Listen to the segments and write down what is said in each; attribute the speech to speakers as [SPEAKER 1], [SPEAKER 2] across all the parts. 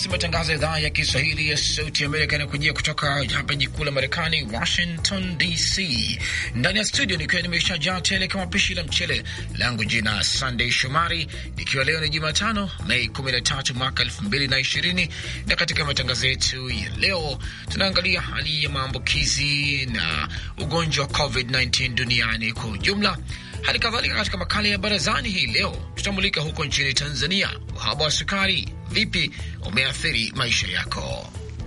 [SPEAKER 1] basi matangazo ya idhaa ya Kiswahili ya Sauti Amerika yanakujia kutoka hapa jiji kuu la Marekani, Washington DC. Ndani ya studio nikiwa jaa tele kama pishi la mchele langu, jina sandey Shomari, ikiwa leo ni Jumatano Mei 13 mwaka 2020, na katika matangazo yetu ya leo tunaangalia hali ya maambukizi na ugonjwa wa COVID-19 duniani kwa ujumla Hali kadhalika katika makala ya barazani hii leo tutamulika huko nchini Tanzania, uhaba wa sukari vipi umeathiri maisha yako.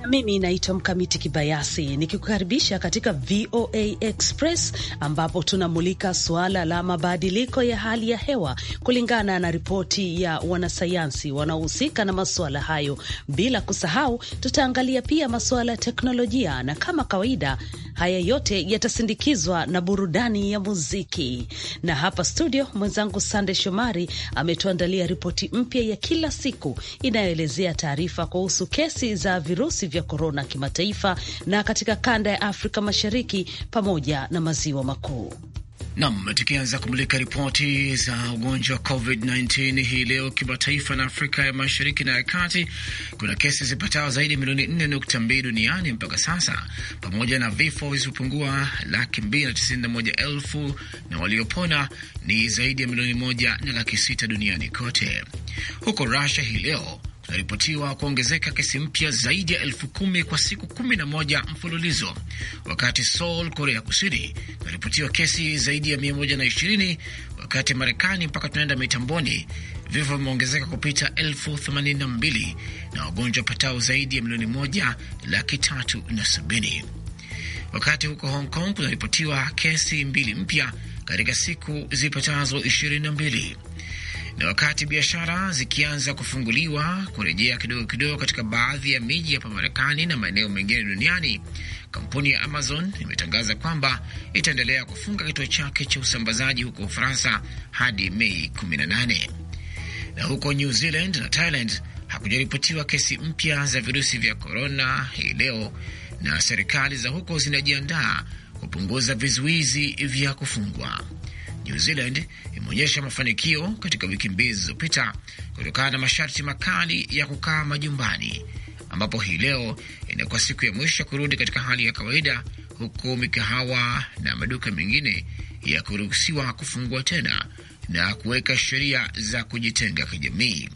[SPEAKER 2] Mimi naitwa Mkamiti Kibayasi nikikukaribisha katika VOA Express ambapo tunamulika suala la mabadiliko ya hali ya hewa kulingana na ripoti ya wanasayansi wanaohusika na masuala hayo. Bila kusahau, tutaangalia pia masuala ya teknolojia na kama kawaida Haya yote yatasindikizwa na burudani ya muziki, na hapa studio mwenzangu Sande Shomari ametuandalia ripoti mpya ya kila siku inayoelezea taarifa kuhusu kesi za virusi vya korona kimataifa na katika kanda ya Afrika Mashariki pamoja na maziwa makuu.
[SPEAKER 1] Nam, tukianza kumulika ripoti za ugonjwa wa COVID-19 hii leo kimataifa na Afrika ya mashariki na ya kati, kuna kesi zipatao zaidi milioni 4.2 duniani mpaka sasa, pamoja na vifo visivyopungua laki 291 elfu na waliopona ni zaidi ya milioni moja na laki sita duniani kote. Huko rusia hii leo kunaripotiwa kuongezeka kesi mpya zaidi ya elfu kumi kwa siku kumi na moja mfululizo, wakati Seoul, Korea Kusini, kunaripotiwa kesi zaidi ya mia moja na ishirini wakati Marekani, mpaka tunaenda mitamboni, vifo vimeongezeka kupita elfu themanini na mbili na wagonjwa patao zaidi ya milioni moja laki tatu na sabini wakati huko Hong Kong kunaripotiwa kesi mbili mpya katika siku zipatazo ishirini na mbili. Na wakati biashara zikianza kufunguliwa kurejea kidogo kidogo katika baadhi ya miji hapa Marekani na maeneo mengine duniani, kampuni ya Amazon imetangaza kwamba itaendelea kufunga kituo chake cha usambazaji huko Ufaransa hadi Mei 18. Na huko New Zealand na Thailand hakujaripotiwa kesi mpya za virusi vya korona hii leo, na serikali za huko zinajiandaa kupunguza vizuizi vya kufungwa. New Zealand imeonyesha mafanikio katika wiki mbili zilizopita kutokana na masharti makali ya kukaa majumbani, ambapo hii leo inakuwa siku ya mwisho ya kurudi katika hali ya kawaida, huku mikahawa na maduka mengine kuruhusiwa kufungua tena na kuweka sheria za kujitenga kijamii.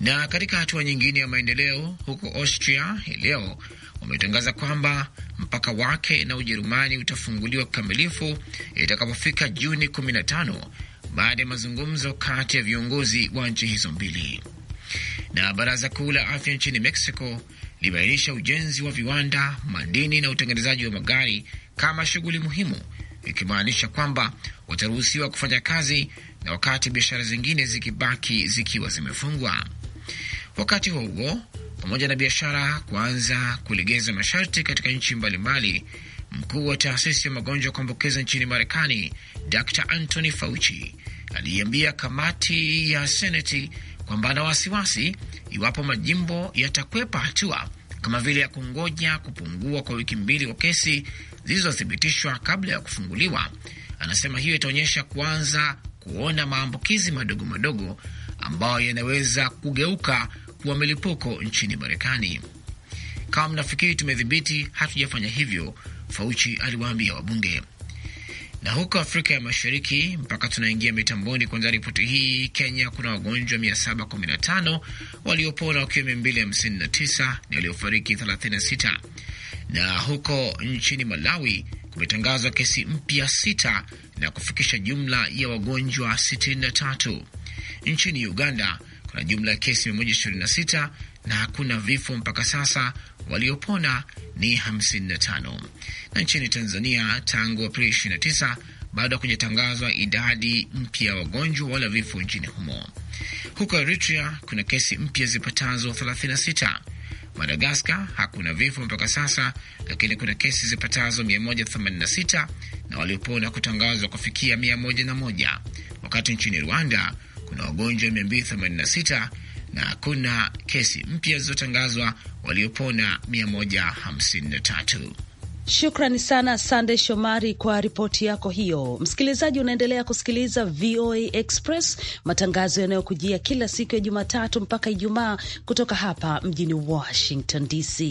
[SPEAKER 1] Na katika hatua nyingine ya maendeleo, huko Austria hii leo umetangaza kwamba mpaka wake na Ujerumani utafunguliwa kikamilifu itakapofika Juni 15 baada ya mazungumzo kati ya viongozi wa nchi hizo mbili. Na baraza kuu la afya nchini Mexico limeainisha ujenzi wa viwanda, madini na utengenezaji wa magari kama shughuli muhimu, ikimaanisha kwamba wataruhusiwa kufanya kazi na wakati biashara zingine zikibaki zikiwa zimefungwa. Wakati huo huo, pamoja na biashara kuanza kulegeza masharti katika nchi mbalimbali, mkuu wa taasisi ya magonjwa ya kuambukiza nchini Marekani Dr Anthony Fauci aliiambia kamati ya Seneti kwamba ana wasiwasi iwapo majimbo yatakwepa hatua kama vile ya kungoja kupungua kwa wiki mbili kwa kesi zilizothibitishwa kabla ya kufunguliwa. Anasema hiyo itaonyesha kuanza kuona maambukizi madogo madogo ambayo yanaweza kugeuka wa milipuko nchini Marekani. Kama mnafikiri tumedhibiti, hatujafanya hivyo, fauchi aliwaambia wabunge. Na huko Afrika ya Mashariki, mpaka tunaingia mitamboni kuanza ripoti hii, Kenya kuna wagonjwa 715 waliopona wakiwa 259 na waliofariki 36. Na huko nchini Malawi kumetangazwa kesi mpya sita na kufikisha jumla ya wagonjwa 63. Nchini Uganda kuna jumla ya kesi 126 na hakuna vifo mpaka sasa. Waliopona ni 55. Na nchini Tanzania tangu Aprili 29 bado hakujatangazwa idadi mpya ya wagonjwa wala vifo nchini humo. Huko Eritrea kuna kesi mpya zipatazo 36. Madagaskar hakuna vifo mpaka sasa, lakini kuna kesi zipatazo 186 na waliopona kutangazwa kufikia 101, wakati nchini Rwanda kuna wagonjwa 286 na kuna kesi mpya zilizotangazwa, waliopona 153.
[SPEAKER 2] Shukrani sana Sande Shomari kwa ripoti yako hiyo. Msikilizaji, unaendelea kusikiliza VOA Express, matangazo yanayokujia kila siku ya Jumatatu mpaka Ijumaa kutoka hapa mjini Washington DC.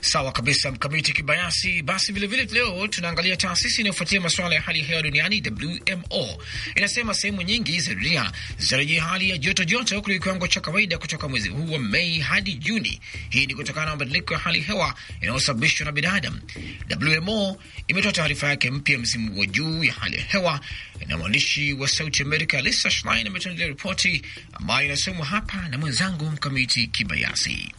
[SPEAKER 1] Sawa kabisa, Mkamiti Kibayasi. Basi vilevile leo tunaangalia taasisi inayofuatilia masuala ya hali ya hewa duniani, WMO, inasema sehemu nyingi za dunia zitarajia hali ya joto joto kuliko kiwango cha kawaida kutoka mwezi huu wa Mei hadi Juni. Hii ni kutokana na mabadiliko ya hali hewa yanayosababishwa na binadamu. WMO imetoa taarifa yake mpya msimu wa juu ya hali ya hewa, na mwandishi wa Sauti Amerika Lisa Schlein ametuandalia ripoti ambayo inasomwa hapa na mwenzangu Mkamiti Kibayasi.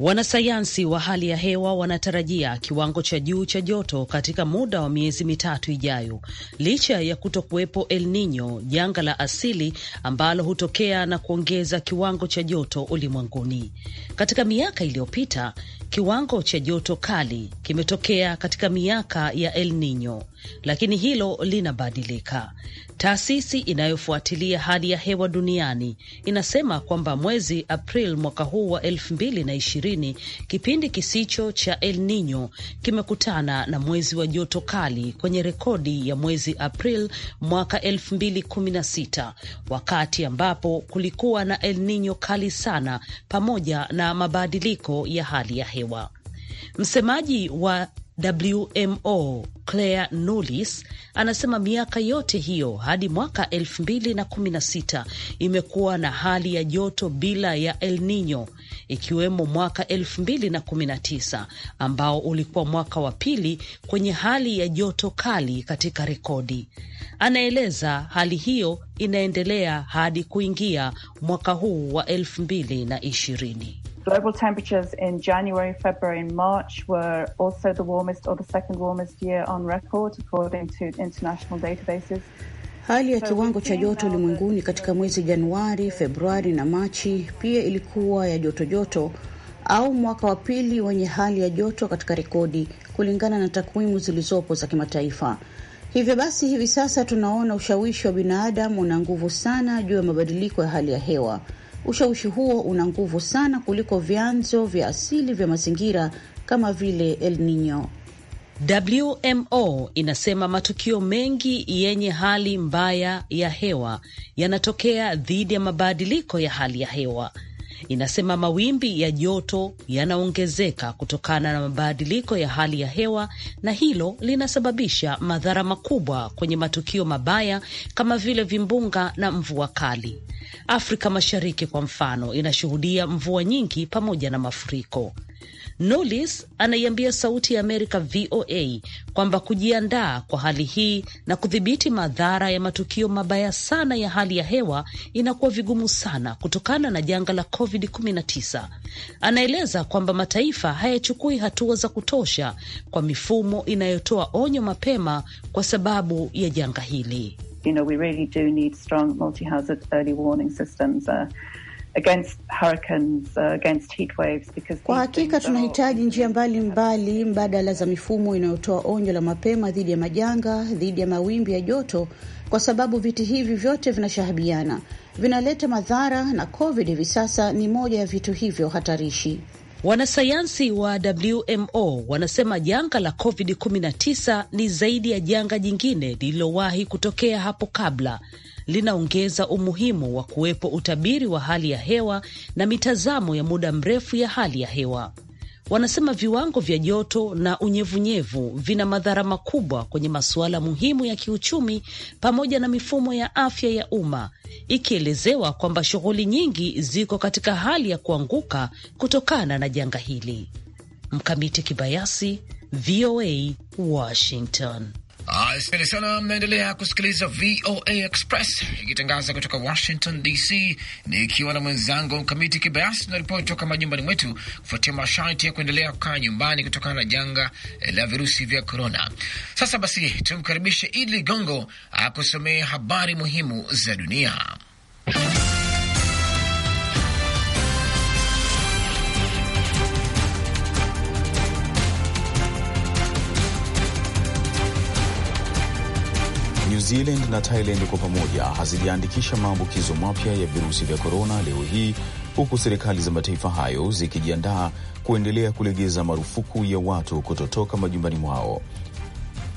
[SPEAKER 2] Wanasayansi wa hali ya hewa wanatarajia kiwango cha juu cha joto katika muda wa miezi mitatu ijayo, licha ya kuto kuwepo El Nino, janga la asili ambalo hutokea na kuongeza kiwango cha joto ulimwenguni. Katika miaka iliyopita, kiwango cha joto kali kimetokea katika miaka ya El Nino lakini hilo linabadilika. Taasisi inayofuatilia hali ya hewa duniani inasema kwamba mwezi Aprili mwaka huu wa elfu mbili na ishirini kipindi kisicho cha El Nino kimekutana na mwezi wa joto kali kwenye rekodi ya mwezi Aprili mwaka elfu mbili kumi na sita wakati ambapo kulikuwa na El Nino kali sana pamoja na mabadiliko ya hali ya hewa. Msemaji wa WMO Claire Nulis anasema miaka yote hiyo hadi mwaka 216 imekuwa na hali ya joto bila ya El Nino, ikiwemo mwaka 219 ambao ulikuwa mwaka wa pili kwenye hali ya joto kali katika rekodi. Anaeleza hali hiyo inaendelea hadi kuingia mwaka huu wa 220
[SPEAKER 3] Global temperatures in January, February, and March were also the warmest or the second warmest year on record according to international databases.
[SPEAKER 2] Hali ya kiwango cha joto ulimwenguni katika mwezi Januari, Februari na Machi pia ilikuwa ya joto joto au mwaka wa pili wenye hali ya joto katika rekodi kulingana na takwimu zilizopo za kimataifa. Hivyo basi, hivi sasa tunaona ushawishi wa binadamu una nguvu sana juu ya mabadiliko ya hali ya hewa. Ushawishi huo una nguvu sana kuliko vyanzo vya asili vya mazingira kama vile El Nino. WMO inasema matukio mengi yenye hali mbaya ya hewa yanatokea dhidi ya mabadiliko ya hali ya hewa inasema mawimbi ya joto yanaongezeka kutokana na mabadiliko ya hali ya hewa, na hilo linasababisha madhara makubwa kwenye matukio mabaya kama vile vimbunga na mvua kali. Afrika Mashariki kwa mfano inashuhudia mvua nyingi pamoja na mafuriko. Nulis anaiambia Sauti ya Amerika VOA kwamba kujiandaa kwa hali hii na kudhibiti madhara ya matukio mabaya sana ya hali ya hewa inakuwa vigumu sana kutokana na janga la COVID-19. Anaeleza kwamba mataifa hayachukui hatua za kutosha kwa mifumo inayotoa onyo mapema kwa sababu ya janga hili.
[SPEAKER 3] You know, we really do need strong multi-hazard early warning systems, uh... Uh, kwa
[SPEAKER 2] hakika tunahitaji njia mbalimbali mbadala za mifumo inayotoa onyo la mapema dhidi ya majanga, dhidi ya mawimbi ya joto, kwa sababu viti hivi vyote vinashahabiana, vinaleta madhara, na COVID hivi sasa ni moja ya vitu hivyo hatarishi. Wanasayansi wa WMO wanasema janga la COVID-19 ni zaidi ya janga jingine lililowahi kutokea hapo kabla linaongeza umuhimu wa kuwepo utabiri wa hali ya hewa na mitazamo ya muda mrefu ya hali ya hewa. Wanasema viwango vya joto na unyevunyevu vina madhara makubwa kwenye masuala muhimu ya kiuchumi pamoja na mifumo ya afya ya umma, ikielezewa kwamba shughuli nyingi ziko katika hali ya kuanguka kutokana na janga hili. Mkamiti Kibayasi, VOA, Washington.
[SPEAKER 1] Ah, Asante sana. Mnaendelea kusikiliza VOA Express ikitangaza kutoka Washington DC, nikiwa na mwenzangu Mkamiti Kibayasi na ripoti kutoka majumbani mwetu kufuatia masharti ya kuendelea kukaa nyumbani kutokana na janga eh, la virusi vya korona. Sasa basi, tumkaribishe Idi Ligongo akusomee habari muhimu za dunia.
[SPEAKER 4] New Zealand na Thailand kwa pamoja hazijaandikisha maambukizo mapya ya virusi vya korona leo hii, huku serikali za mataifa hayo zikijiandaa kuendelea kulegeza marufuku ya watu kutotoka majumbani mwao.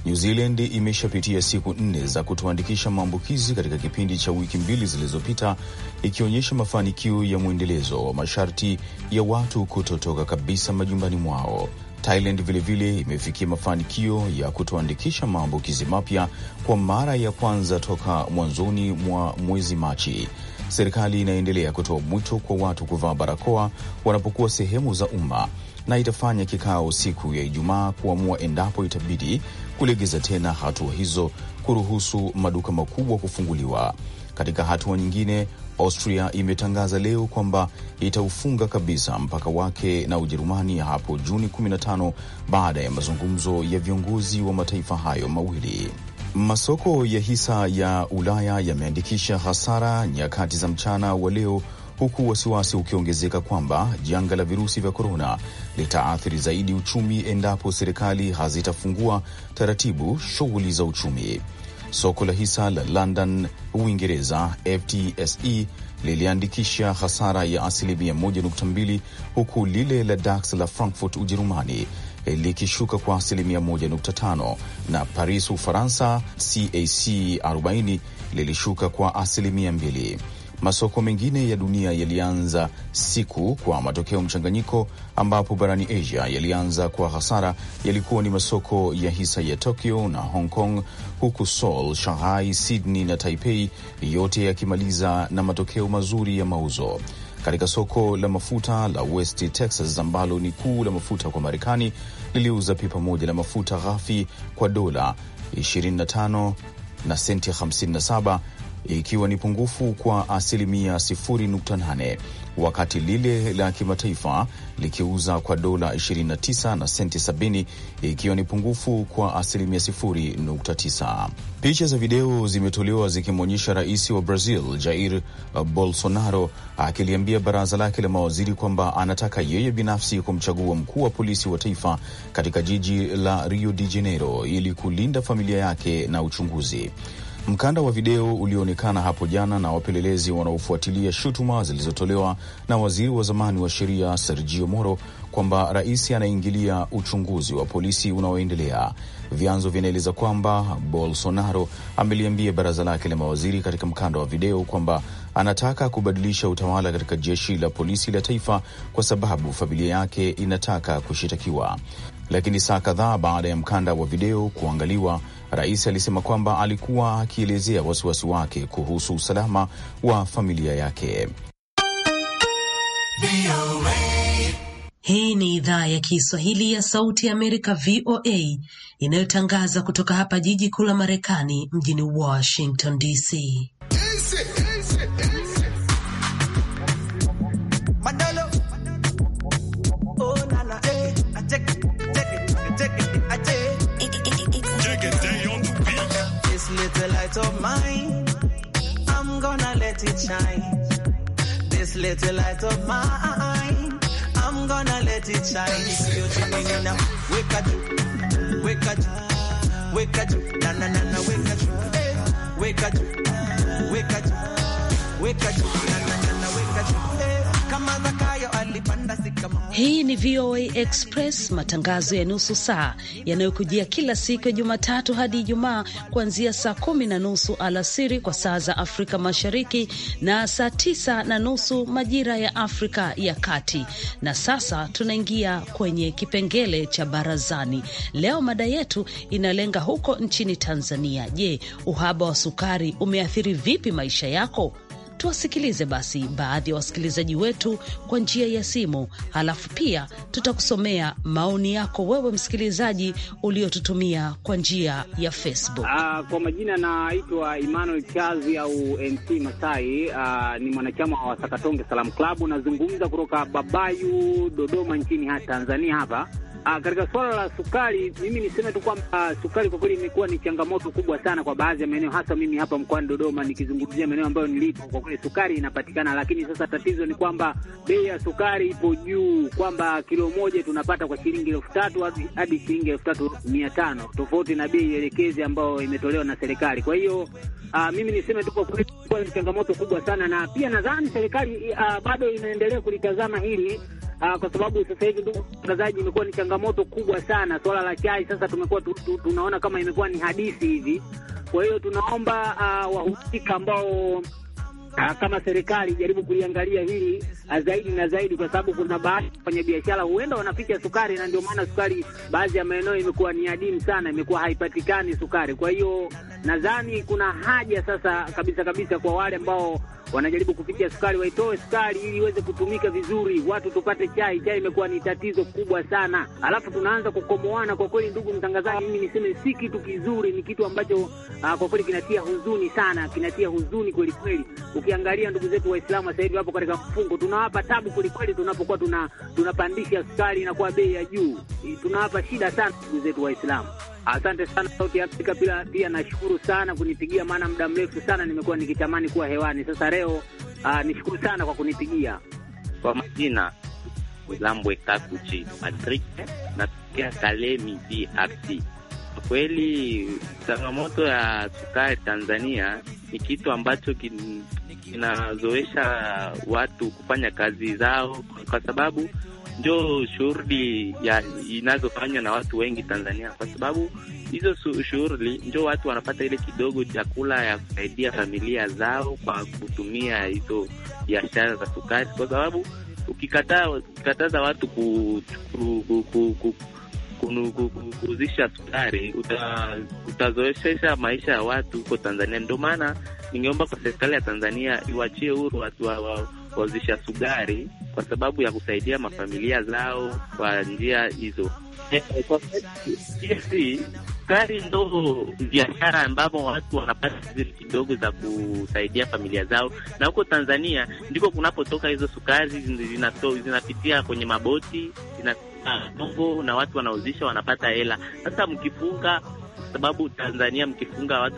[SPEAKER 4] New Zealand imeshapitia siku nne za kutoandikisha maambukizi katika kipindi cha wiki mbili zilizopita, ikionyesha mafanikio ya mwendelezo wa masharti ya watu kutotoka kabisa majumbani mwao. Thailand vilevile imefikia mafanikio ya kutoandikisha maambukizi mapya kwa mara ya kwanza toka mwanzoni mwa mwezi Machi. Serikali inaendelea kutoa mwito kwa watu kuvaa barakoa wanapokuwa sehemu za umma na itafanya kikao siku ya Ijumaa kuamua endapo itabidi kulegeza tena hatua hizo kuruhusu maduka makubwa kufunguliwa. Katika hatua nyingine, Austria imetangaza leo kwamba itaufunga kabisa mpaka wake na Ujerumani hapo Juni 15 baada ya mazungumzo ya viongozi wa mataifa hayo mawili. Masoko ya hisa ya Ulaya yameandikisha hasara nyakati za mchana wa leo huku wasiwasi ukiongezeka kwamba janga la virusi vya korona litaathiri zaidi uchumi endapo serikali hazitafungua taratibu shughuli za uchumi. Soko la hisa la London, Uingereza, FTSE liliandikisha hasara ya asilimia 1.2 huku lile la DAX la Frankfurt, Ujerumani likishuka kwa asilimia 1.5 na Paris, Ufaransa, CAC 40 lilishuka kwa asilimia 2. Masoko mengine ya dunia yalianza siku kwa matokeo mchanganyiko, ambapo barani Asia yalianza kwa hasara yalikuwa ni masoko ya hisa ya Tokyo na Hong Kong, huku Seoul, Shanghai, Sydney na Taipei yote yakimaliza na matokeo mazuri ya mauzo. Katika soko la mafuta la West Texas ambalo ni kuu la mafuta kwa Marekani, liliuza pipa moja la mafuta ghafi kwa dola 25 na senti 57 ikiwa ni pungufu kwa asilimia 0.8 wakati lile la kimataifa likiuza kwa dola 29 na senti 70 ikiwa ni pungufu kwa asilimia 0.9. Picha za video zimetolewa zikimwonyesha rais wa Brazil Jair Bolsonaro akiliambia baraza lake la mawaziri kwamba anataka yeye binafsi kumchagua mkuu wa polisi wa taifa katika jiji la Rio de Janeiro ili kulinda familia yake na uchunguzi. Mkanda wa video ulioonekana hapo jana na wapelelezi wanaofuatilia shutuma zilizotolewa na waziri wa zamani wa sheria Sergio Moro kwamba rais anaingilia uchunguzi wa polisi unaoendelea. Vyanzo vinaeleza kwamba Bolsonaro ameliambia baraza lake la mawaziri katika mkanda wa video kwamba anataka kubadilisha utawala katika jeshi la polisi la taifa kwa sababu familia yake inataka kushitakiwa. Lakini saa kadhaa baada ya mkanda wa video kuangaliwa Rais alisema kwamba alikuwa akielezea wasiwasi wake kuhusu usalama wa familia yake.
[SPEAKER 2] Hii ni idhaa ya Kiswahili ya Sauti ya Amerika, VOA, inayotangaza kutoka hapa jiji kuu la Marekani, mjini Washington DC.
[SPEAKER 3] light of mine, I'm gonna let it shine. This little light of mine, I'm gonna let it shine. If you dreaming in a wake up, wake up, wake up, na na na na, wake up, wake up, wake up, wake up, na na na.
[SPEAKER 2] Hii ni VOA Express, matangazo ya nusu saa yanayokujia kila siku ya Jumatatu hadi Ijumaa kuanzia saa kumi na nusu alasiri kwa saa za Afrika Mashariki na saa tisa na nusu majira ya Afrika ya Kati. Na sasa tunaingia kwenye kipengele cha barazani. Leo mada yetu inalenga huko nchini Tanzania. Je, uhaba wa sukari umeathiri vipi maisha yako? tuwasikilize basi baadhi ya wasikilizaji wetu kwa njia ya simu, halafu pia tutakusomea maoni yako wewe msikilizaji uliotutumia kwa njia ya Facebook.
[SPEAKER 5] Uh, kwa majina naitwa Emmanuel Chazi au MC Masai. Uh, ni mwanachama wa Sakatonge Salam Club, nazungumza kutoka Babayu, Dodoma nchini Tanzania hapa Ah, katika suala la sukari, mimi niseme tu kwamba sukari kwa kweli imekuwa ni changamoto kubwa sana kwa baadhi ya maeneo, hasa mimi hapa mkoani Dodoma, nikizungumzia maeneo ambayo nilipo, kwa kweli sukari inapatikana, lakini sasa tatizo ni kwamba bei ya sukari ipo juu, kwamba kilo moja tunapata kwa shilingi elfu tatu hadi shilingi elfu tatu mia tano tofauti na bei elekezi ambayo imetolewa na serikali. Kwa hiyo ah, mimi niseme tu kwa kweli ni changamoto kubwa sana, na pia nadhani serikali ah, bado inaendelea kulitazama hili uh, kwa sababu sasa hivi ndugu mtangazaji, imekuwa ni changamoto kubwa sana swala la chai. Sasa tumekuwa tu, tu, tunaona kama imekuwa ni hadithi hivi. Kwa hiyo tunaomba uh, wahusika ambao Ah, kama serikali jaribu kuliangalia hili ah, zaidi na zaidi, kwa sababu kuna baadhi ya wafanyabiashara huenda wanaficha sukari, na ndio maana sukari baadhi ya maeneo imekuwa ni adimu sana, imekuwa haipatikani sukari. Kwa hiyo nadhani kuna haja sasa kabisa kabisa kwa wale ambao wanajaribu kuficha sukari waitoe sukari ili iweze kutumika vizuri, watu tupate chai. Chai imekuwa ni tatizo kubwa sana, alafu tunaanza kukomoana. Kwa kweli, ndugu mtangazaji, mimi niseme si kitu kizuri, ni kitu ambacho uh, kwa kweli kinatia huzuni sana, kinatia huzuni kweli kweli ukiangalia ndugu zetu Waislamu sasa hivi wapo katika mfungo, tunawapa tabu kwelikweli. Tunapokuwa tuna tunapandisha sukari inakuwa bei ya juu, tunawapa shida sana ndugu zetu Waislamu. Asante sana Sauti ya Afrika. Pia pia nashukuru sana kunipigia, maana muda mrefu sana nimekuwa nikitamani kuwa hewani. Sasa leo uh, nishukuru sana kwa kunipigia.
[SPEAKER 6] Kwa majina Lambwe Kakuchi Patrick, natokea Kalemi DRC. Kweli changamoto ya sukari Tanzania ni kitu ambacho inazoesha watu kufanya kazi zao, kwa sababu ndio shughuli inazofanywa na watu wengi Tanzania, kwa sababu hizo shughuli ndio watu wanapata ile kidogo chakula ya kusaidia familia zao kwa kutumia hizo biashara za sukari, kwa sababu ukikataa, ukikataza watu ku, ku, ku, ku, ku, kuuzisha sukari utazoeshesha maisha ya watu huko Tanzania. Ndio maana ningeomba kwa serikali ya Tanzania iwachie huru watu wauzisha sukari kwa sababu ya kusaidia mafamilia zao kwa njia hizo. Eh, eh, sukari ndo biashara ambapo watu wanapata zile kidogo za kusaidia familia zao, na huko Tanzania ndiko kunapotoka hizo sukari, zinapitia kwenye maboti zinatogo, na watu wanauzisha wanapata hela. Sasa mkifunga, sababu Tanzania mkifunga watu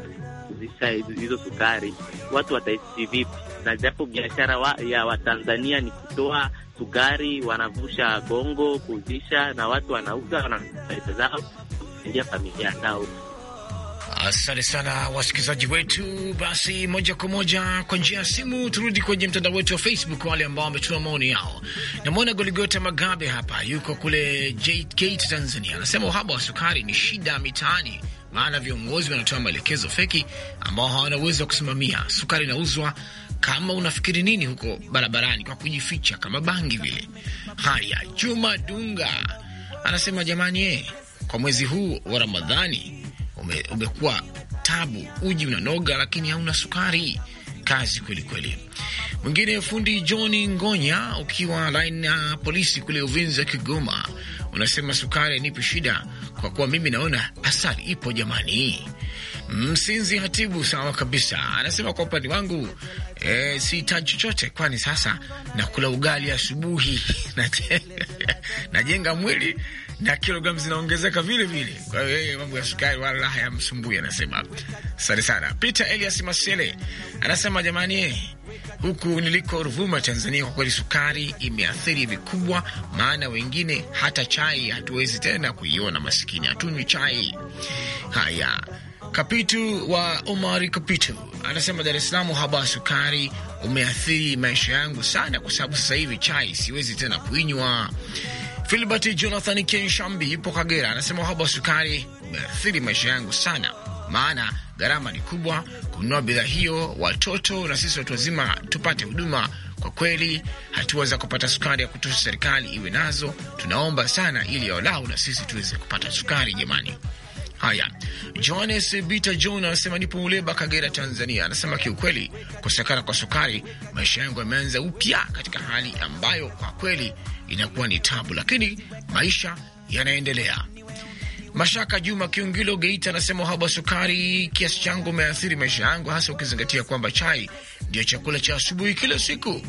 [SPEAKER 6] kuzisha hizo sukari, watu wataishi vipi? Na japo biashara wa, ya Watanzania ni kutoa sukari, wanavusha gongo kuuzisha, na watu wanauza, wanaaa zao kusaidia familia zao.
[SPEAKER 1] Asante sana wasikilizaji wetu. Basi moja kwa moja kwa njia ya simu, turudi kwenye mtandao wetu wa Facebook, wale ambao wametuma maoni yao. Namwona Goligota Magabe hapa, yuko kule JKT Tanzania, anasema uhaba wa sukari ni shida mitaani maana viongozi wanatoa maelekezo feki ambao hawana uwezo wa kusimamia. Sukari inauzwa kama unafikiri nini huko barabarani kwa kujificha kama bangi vile. Haya, Juma Dunga anasema jamani, ye, eh, kwa mwezi huu wa Ramadhani ume, umekuwa tabu, uji unanoga lakini hauna sukari. Kazi kwelikweli. Mwingine fundi Johni Ngonya, ukiwa laini ya polisi kule Uvinza, Kigoma, unasema sukari nipi shida, kwa kuwa mimi naona asali ipo jamani. Msinzi Hatibu, sawa kabisa, anasema kwa upande wangu e, sihitaji chochote, kwani sasa nakula ugali asubuhi najenga mwili na kilogramu zinaongezeka vile vile. Kwa hiyo yeye eh, mambo ya sukari wala raha ya msumbui anasema. Asante sana. Peter Elias Masele anasema jamani, eh, huku niliko Ruvuma, Tanzania, kwa kweli sukari imeathiri vikubwa, maana wengine hata chai hatuwezi tena kuiona, masikini hatunywi chai. Haya, Kapitu wa Omari Kapitu anasema Dar es Salaam, uhaba wa sukari umeathiri maisha yangu sana, kwa sababu sasa hivi chai siwezi tena kuinywa. Filbert Jonathan Kenshambi yupo Kagera, anasema uhaba wa sukari umeathiri maisha yangu sana, maana gharama ni kubwa kununua bidhaa hiyo, watoto na sisi watu wazima tupate huduma. Kwa kweli hatua za kupata sukari ya kutosha serikali iwe nazo, tunaomba sana, ili walau na sisi tuweze kupata sukari jamani. Haya, Johannes Bita John anasema nipo Muleba, Kagera, Tanzania. Anasema kiukweli, kosekana kwa sukari, maisha yangu yameanza upya katika hali ambayo kwa kweli inakuwa ni tabu, lakini maisha yanaendelea. Mashaka Juma Kiungilo Geita anasema uhaba sukari kiasi changu umeathiri maisha yangu, hasa ukizingatia kwamba chai ndio chakula cha asubuhi kila siku.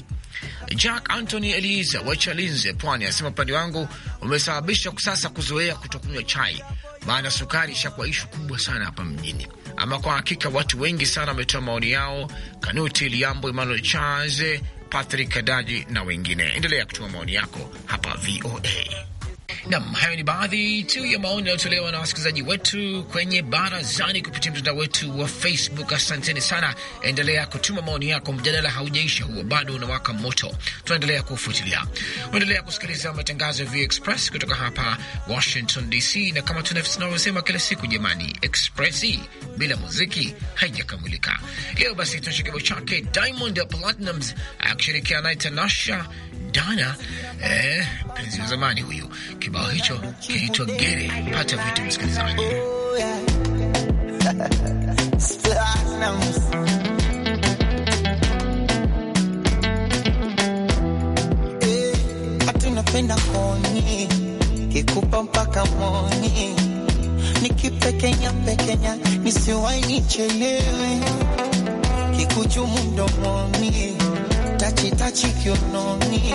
[SPEAKER 1] Jack Anthony Eliza wa Chalinze, Pwani, anasema upande wangu umesababisha sasa kuzoea kutokunywa chai maana sukari ishakuwa ishu kubwa sana hapa mjini. Ama kwa hakika watu wengi sana wametoa maoni yao. Kanuti Liambo, Emmanuel Charles, Patrick Kadaji na wengine. Endelea kutuma maoni yako hapa VOA. Nam, hayo ni baadhi tu ya maoni yanayotolewa na wasikilizaji wetu kwenye barazani kupitia mtandao wetu wa Facebook. Asanteni sana, endelea kutuma maoni yako, mjadala haujaisha huo, bado unawaka moto, tunaendelea kufuatilia. Unaendelea kusikiliza matangazo ya VOA Express kutoka hapa Washington DC, na kama tunavyosema kila siku, jamani, Express bila muziki haijakamilika. Leo basi tuna kibao chake Diamond Platnumz akishirikiana naye Tanasha Dana, eh, mpenzi wa zamani huyu kibao hicho kinaitwa Gere. Pata vitu msikilizaji.
[SPEAKER 3] Eh, napenda koni kikupa mpaka moni nikipekenya pekenya nisiwai nichelewe kikuchumu mdomoni tachitachi kiononi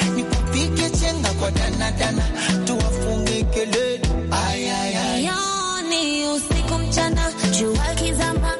[SPEAKER 3] tupige chenga kwa danadana tuwafunge kelele, ayayayoni usiku mchana jua kizama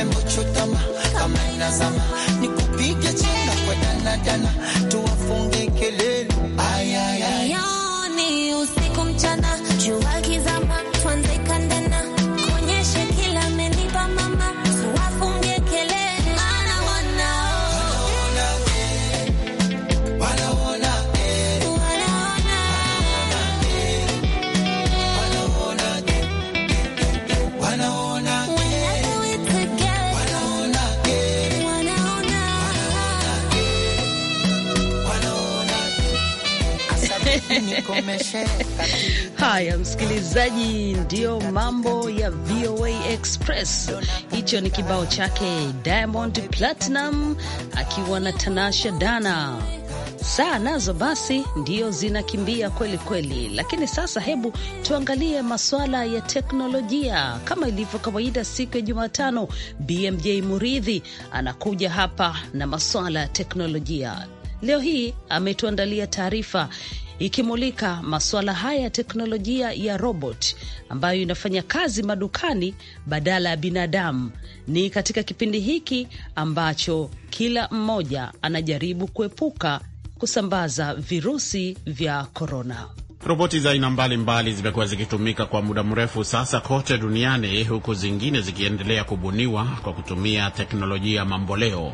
[SPEAKER 3] Embuchutama kama inazama, nikupige chenga kwa danadana
[SPEAKER 2] Haya, msikilizaji, ndiyo mambo ya VOA Express. Hicho ni kibao chake Diamond Platinum akiwa na Tanasha Dana. Saa nazo basi ndio zinakimbia kweli kweli, lakini sasa hebu tuangalie masuala ya teknolojia. Kama ilivyo kawaida, siku ya Jumatano, BMJ Muridhi anakuja hapa na masuala ya teknolojia. Leo hii ametuandalia taarifa ikimulika masuala haya ya teknolojia ya robot ambayo inafanya kazi madukani badala ya binadamu. Ni katika kipindi hiki ambacho kila mmoja anajaribu kuepuka kusambaza virusi vya korona.
[SPEAKER 7] Roboti za aina mbalimbali zimekuwa zikitumika kwa muda mrefu sasa kote duniani, huku zingine zikiendelea kubuniwa kwa kutumia teknolojia mamboleo.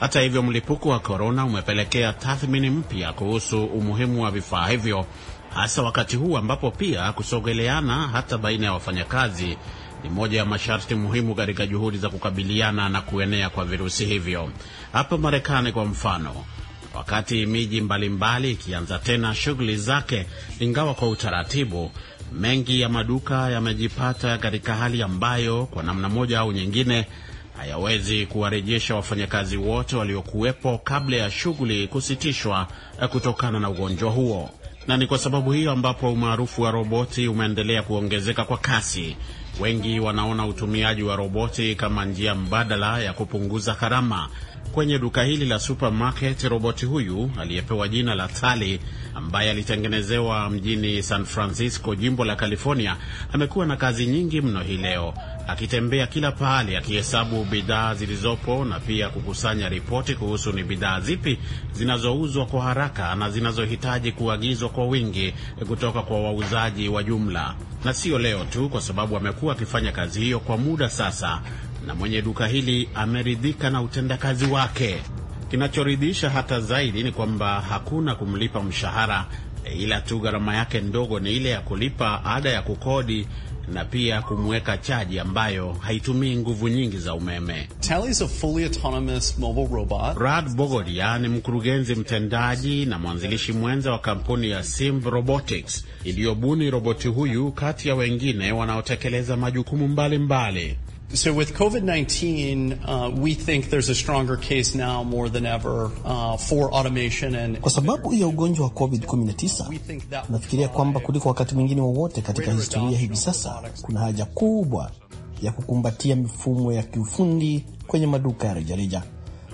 [SPEAKER 7] Hata hivyo, mlipuko wa korona umepelekea tathmini mpya kuhusu umuhimu wa vifaa hivyo, hasa wakati huu ambapo pia kusogeleana hata baina ya wafanyakazi ni moja ya masharti muhimu katika juhudi za kukabiliana na kuenea kwa virusi hivyo. Hapa Marekani kwa mfano, wakati miji mbalimbali ikianza tena shughuli zake, ingawa kwa utaratibu, mengi ya maduka yamejipata katika hali ambayo kwa namna moja au nyingine hayawezi kuwarejesha wafanyakazi wote waliokuwepo kabla ya shughuli kusitishwa eh, kutokana na ugonjwa huo, na ni kwa sababu hiyo ambapo umaarufu wa roboti umeendelea kuongezeka kwa kasi. Wengi wanaona utumiaji wa roboti kama njia mbadala ya kupunguza gharama. Kwenye duka hili la supermarket, roboti huyu aliyepewa jina la Tali ambaye alitengenezewa mjini San Francisco, jimbo la California, amekuwa na kazi nyingi mno hii leo, akitembea kila pahali akihesabu bidhaa zilizopo na pia kukusanya ripoti kuhusu ni bidhaa zipi zinazouzwa kwa haraka na zinazohitaji kuagizwa kwa wingi kutoka kwa wauzaji wa jumla. Na sio leo tu, kwa sababu amekuwa akifanya kazi hiyo kwa muda sasa, na mwenye duka hili ameridhika na utendakazi wake. Kinachoridhisha hata zaidi ni kwamba hakuna kumlipa mshahara, ila tu gharama yake ndogo ni ile ya kulipa ada ya kukodi na pia kumweka chaji ambayo haitumii nguvu nyingi za umeme. Rad Bogodia ni mkurugenzi mtendaji na mwanzilishi mwenza wa kampuni ya Simb Robotics iliyobuni roboti huyu kati ya wengine wanaotekeleza majukumu mbalimbali mbali. So with COVID-19, uh, we think there's a stronger case now more than ever, uh, for automation and... Kwa sababu ya ugonjwa wa COVID-19 nafikiria kwamba kuliko wakati mwingine wowote katika historia hivi sasa kuna haja kubwa ya kukumbatia mifumo ya kiufundi kwenye maduka ya rejareja.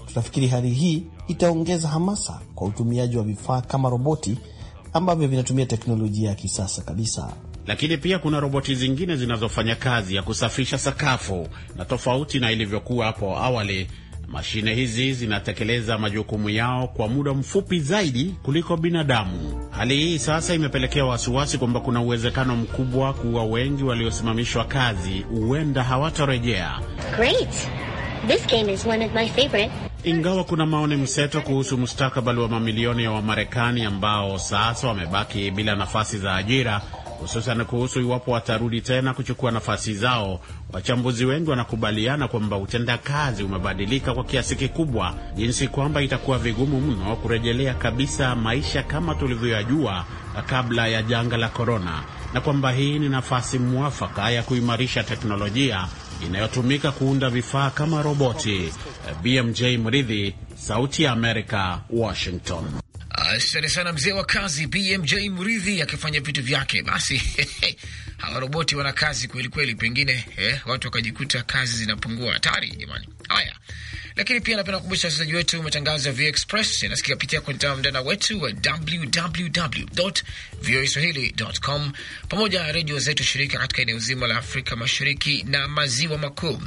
[SPEAKER 7] Tunafikiri hali hii itaongeza hamasa kwa utumiaji wa vifaa kama roboti ambavyo vinatumia teknolojia ya kisasa kabisa lakini pia kuna roboti zingine zinazofanya kazi ya kusafisha sakafu, na tofauti na ilivyokuwa hapo awali, mashine hizi zinatekeleza majukumu yao kwa muda mfupi zaidi kuliko binadamu. Hali hii sasa imepelekea wasiwasi kwamba kuna uwezekano mkubwa kuwa wengi waliosimamishwa kazi huenda hawatarejea. Ingawa kuna maoni mseto kuhusu mustakabali wa mamilioni ya Wamarekani ambao sasa wamebaki bila nafasi za ajira hususan kuhusu iwapo watarudi tena kuchukua nafasi zao. Wachambuzi wengi wanakubaliana kwamba utendakazi umebadilika kwa kiasi kikubwa, jinsi kwamba itakuwa vigumu mno kurejelea kabisa maisha kama tulivyoyajua kabla ya janga la korona, na kwamba hii ni nafasi mwafaka ya kuimarisha teknolojia inayotumika kuunda vifaa kama roboti. Eh, BMJ Mridhi, Sauti ya Amerika, Washington.
[SPEAKER 1] Asante sana mzee wa kazi BMJ Mridhi akifanya vitu vyake, basi hawa roboti wana kazi kweli kweli, pengine eh, watu wakajikuta kazi zinapungua. Hatari jamani. Haya, lakini pia napenda kukumbusha wasikilizaji wetu matangazo ya VOA Express yanasikika pitia kwenye mtandao wetu wa www.voaswahili.com pamoja na redio zetu shirika katika eneo zima la Afrika Mashariki na Maziwa Makuu.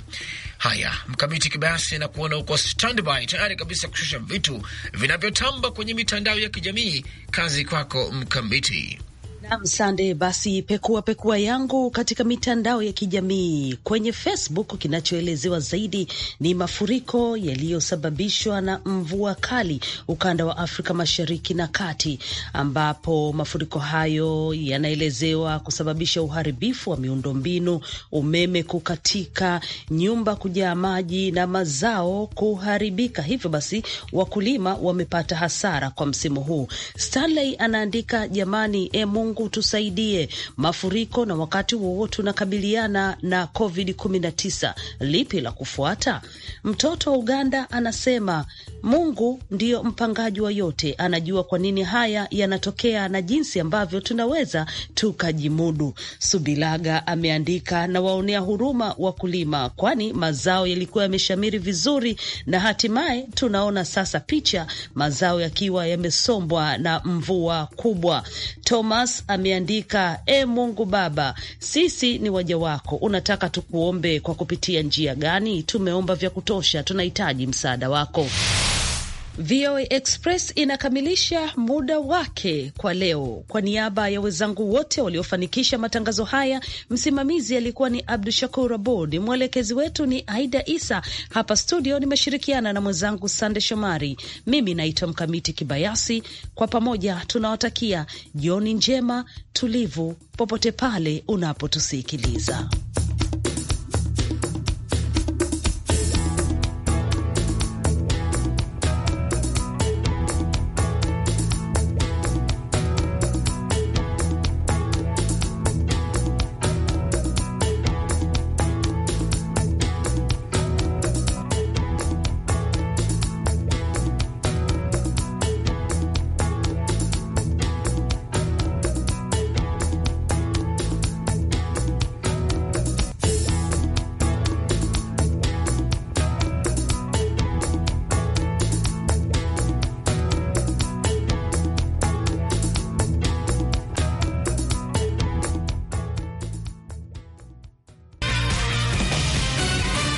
[SPEAKER 1] Haya, Mkamiti Kibayasi na kuona uko standby tayari kabisa kushusha vitu vinavyotamba kwenye mitandao ya kijamii. Kazi kwako Mkamiti.
[SPEAKER 2] Nam Sande, basi pekua pekua yangu katika mitandao ya kijamii kwenye Facebook. Kinachoelezewa zaidi ni mafuriko yaliyosababishwa na mvua kali ukanda wa Afrika Mashariki na Kati, ambapo mafuriko hayo yanaelezewa kusababisha uharibifu wa miundombinu, umeme kukatika, nyumba kujaa maji na mazao kuharibika. Hivyo basi wakulima wamepata hasara kwa msimu huu. Stanley anaandika, jamani, e Mungu Mungu utusaidie mafuriko, na wakati wowote unakabiliana na COVID 19 lipi la kufuata? Mtoto wa Uganda anasema Mungu ndiyo mpangaji wa yote, anajua kwa nini haya yanatokea na jinsi ambavyo tunaweza tukajimudu. Subilaga ameandika, nawaonea huruma wakulima, kwani mazao yalikuwa yameshamiri vizuri na hatimaye tunaona sasa picha mazao yakiwa yamesombwa na mvua kubwa. Thomas ameandika E Mungu Baba, sisi ni waja wako, unataka tukuombe kwa kupitia njia gani? Tumeomba vya kutosha, tunahitaji msaada wako. VOA Express inakamilisha muda wake kwa leo. Kwa niaba ya wenzangu wote waliofanikisha matangazo haya, msimamizi alikuwa ni Abdu Shakur Abod, mwelekezi wetu ni Aida Isa. Hapa studio nimeshirikiana na mwenzangu Sande Shomari. Mimi naitwa Mkamiti Kibayasi. Kwa pamoja tunawatakia jioni njema, tulivu, popote pale unapotusikiliza.